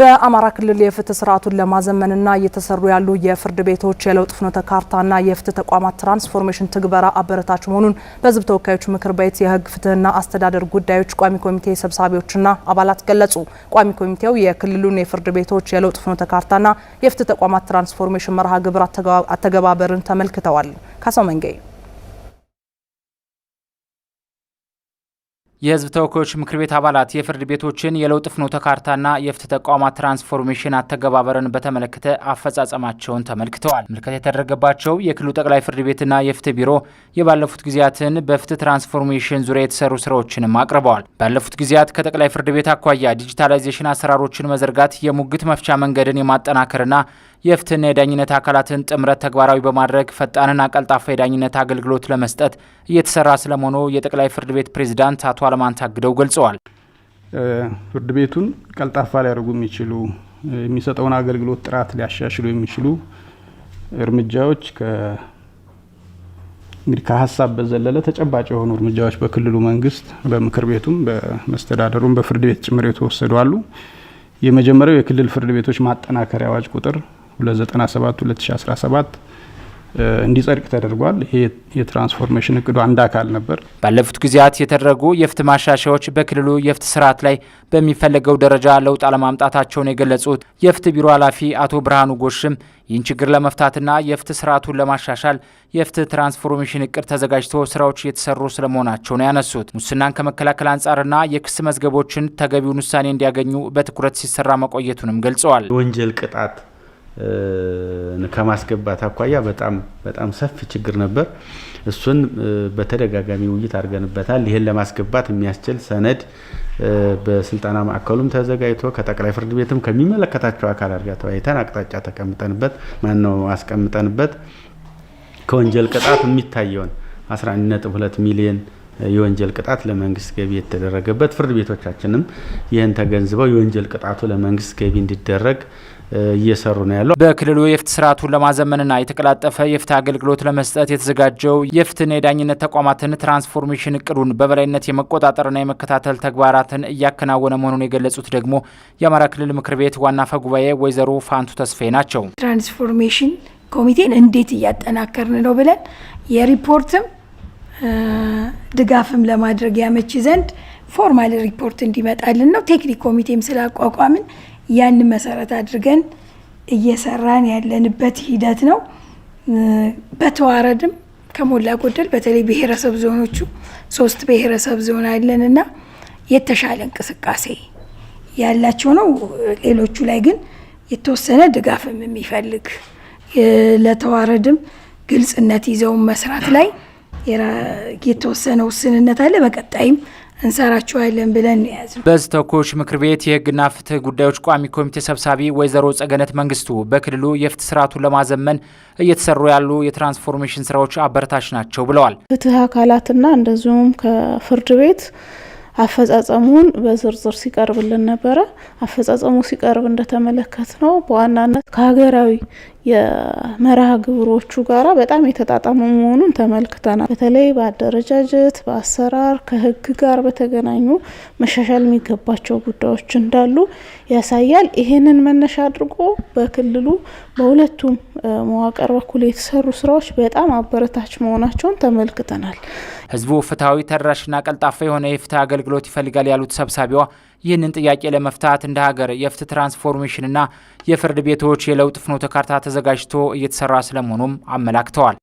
በአማራ ክልል የፍትህ ስርዓቱን ለማዘመንና እየተሰሩ ያሉ የፍርድ ቤቶች የለውጥ ፍኖተ ካርታና የፍትህ ተቋማት ትራንስፎርሜሽን ትግበራ አበረታች መሆኑን በህዝብ ተወካዮች ምክር ቤት የህግ ፍትህና አስተዳደር ጉዳዮች ቋሚ ኮሚቴ ሰብሳቢዎችና አባላት ገለጹ። ቋሚ ኮሚቴው የክልሉን የፍርድ ቤቶች የለውጥ ፍኖተ ካርታና የፍትህ ተቋማት ትራንስፎርሜሽን መርሃ ግብር አተገባበርን ተመልክተዋል። ካሳው መንገይ የህዝብ ተወካዮች ምክር ቤት አባላት የፍርድ ቤቶችን የለውጥ ፍኖተ ካርታና የፍትህ ተቋማት ትራንስፎርሜሽን አተገባበርን በተመለከተ አፈጻጸማቸውን ተመልክተዋል። ምልከታ የተደረገባቸው የክልሉ ጠቅላይ ፍርድ ቤትና የፍትህ ቢሮ የባለፉት ጊዜያትን በፍትህ ትራንስፎርሜሽን ዙሪያ የተሰሩ ስራዎችንም አቅርበዋል። ባለፉት ጊዜያት ከጠቅላይ ፍርድ ቤት አኳያ ዲጂታላይዜሽን አሰራሮችን መዘርጋት፣ የሙግት መፍቻ መንገድን የማጠናከርና የፍትህና የዳኝነት አካላትን ጥምረት ተግባራዊ በማድረግ ፈጣንና ቀልጣፋ የዳኝነት አገልግሎት ለመስጠት እየተሰራ ስለመሆኑ የጠቅላይ ፍርድ ቤት ፕሬዝዳንት አቶ ፓርላማን ታግደው ገልጸዋል። ፍርድ ቤቱን ቀልጣፋ ሊያደርጉ የሚችሉ የሚሰጠውን አገልግሎት ጥራት ሊያሻሽሉ የሚችሉ እርምጃዎች እንግዲህ ከሀሳብ በዘለለ ተጨባጭ የሆኑ እርምጃዎች በክልሉ መንግስት በምክር ቤቱም በመስተዳደሩም በፍርድ ቤት ጭምር የተወሰዱ አሉ። የመጀመሪያው የክልል ፍርድ ቤቶች ማጠናከሪያ አዋጅ ቁጥር 297 2017 እንዲጸድቅ ተደርጓል። ይሄ የትራንስፎርሜሽን እቅዱ አንድ አካል ነበር። ባለፉት ጊዜያት የተደረጉ የፍትህ ማሻሻያዎች በክልሉ የፍትህ ስርዓት ላይ በሚፈለገው ደረጃ ለውጥ አለማምጣታቸውን የገለጹት የፍትህ ቢሮ ኃላፊ አቶ ብርሃኑ ጎሽም ይህን ችግር ለመፍታትና የፍትህ ስርዓቱን ለማሻሻል የፍትህ ትራንስፎርሜሽን እቅድ ተዘጋጅቶ ስራዎች የተሰሩ ስለመሆናቸው ነው ያነሱት። ሙስናን ከመከላከል አንጻርና የክስ መዝገቦችን ተገቢውን ውሳኔ እንዲያገኙ በትኩረት ሲሰራ መቆየቱንም ገልጸዋል። የወንጀል ቅጣት ከማስገባት አኳያ በጣም በጣም ሰፊ ችግር ነበር። እሱን በተደጋጋሚ ውይይት አድርገንበታል። ይህን ለማስገባት የሚያስችል ሰነድ በስልጠና ማዕከሉም ተዘጋጅቶ ከጠቅላይ ፍርድ ቤትም ከሚመለከታቸው አካል አድርጋ ተወያይተን አቅጣጫ ተቀምጠንበት ማነው አስቀምጠንበት ከወንጀል ቅጣት የሚታየውን 11.2 ሚሊዮን የወንጀል ቅጣት ለመንግስት ገቢ የተደረገበት ፍርድ ቤቶቻችንም ይህን ተገንዝበው የወንጀል ቅጣቱ ለመንግስት ገቢ እንዲደረግ እየሰሩ ነው ያለው። በክልሉ የፍትህ ስርዓቱን ለማዘመንና የተቀላጠፈ የፍትህ አገልግሎት ለመስጠት የተዘጋጀው የፍትህና የዳኝነት ተቋማትን ትራንስፎርሜሽን እቅዱን በበላይነት የመቆጣጠርና የመከታተል ተግባራትን እያከናወነ መሆኑን የገለጹት ደግሞ የአማራ ክልል ምክር ቤት ዋና አፈ ጉባኤ ወይዘሮ ፋንቱ ተስፌ ናቸው። ትራንስፎርሜሽን ኮሚቴን እንዴት እያጠናከርን ነው ብለን የሪፖርትም ድጋፍም ለማድረግ ያመች ዘንድ ፎርማል ሪፖርት እንዲመጣልን ነው ቴክኒክ ኮሚቴም ስላቋቋምን ያን መሰረት አድርገን እየሰራን ያለንበት ሂደት ነው። በተዋረድም ከሞላ ጎደል በተለይ ብሔረሰብ ዞኖቹ ሶስት ብሔረሰብ ዞን አለን የተሻለ እንቅስቃሴ ያላቸው ነው። ሌሎቹ ላይ ግን የተወሰነ ድጋፍም የሚፈልግ ለተዋረድም ግልጽነት ይዘውን መስራት ላይ የተወሰነ ውስንነት አለ። በቀጣይም እንሰራቸዋለን ብለን ያዝ ነው። በዝተኮች ምክር ቤት የህግና ፍትህ ጉዳዮች ቋሚ ኮሚቴ ሰብሳቢ ወይዘሮ ጸገነት መንግስቱ በክልሉ የፍትህ ስርዓቱን ለማዘመን እየተሰሩ ያሉ የትራንስፎርሜሽን ስራዎች አበረታች ናቸው ብለዋል። ፍትህ አካላትና እንደዚሁም ከፍርድ ቤት አፈጻጸሙን በዝርዝር ሲቀርብልን ነበረ። አፈጻጸሙ ሲቀርብ እንደተመለከት ነው በዋናነት ከሀገራዊ የመርሃ ግብሮቹ ጋራ በጣም የተጣጣመ መሆኑን ተመልክተናል። በተለይ በአደረጃጀት፣ በአሰራር ከህግ ጋር በተገናኙ መሻሻል የሚገባቸው ጉዳዮች እንዳሉ ያሳያል። ይህንን መነሻ አድርጎ በክልሉ በሁለቱም መዋቅር በኩል የተሰሩ ስራዎች በጣም አበረታች መሆናቸውን ተመልክተናል። ህዝቡ ፍትሐዊ ተደራሽና ቀልጣፋ የሆነ የፍትህ አገልግሎት ይፈልጋል ያሉት ሰብሳቢዋ ይህንን ጥያቄ ለመፍታት እንደ ሀገር የፍትህ ትራንስፎርሜሽንና የፍርድ ቤቶች የለውጥ ፍኖተ ካርታ ተዘጋጅቶ እየተሰራ ስለመሆኑም አመላክተዋል።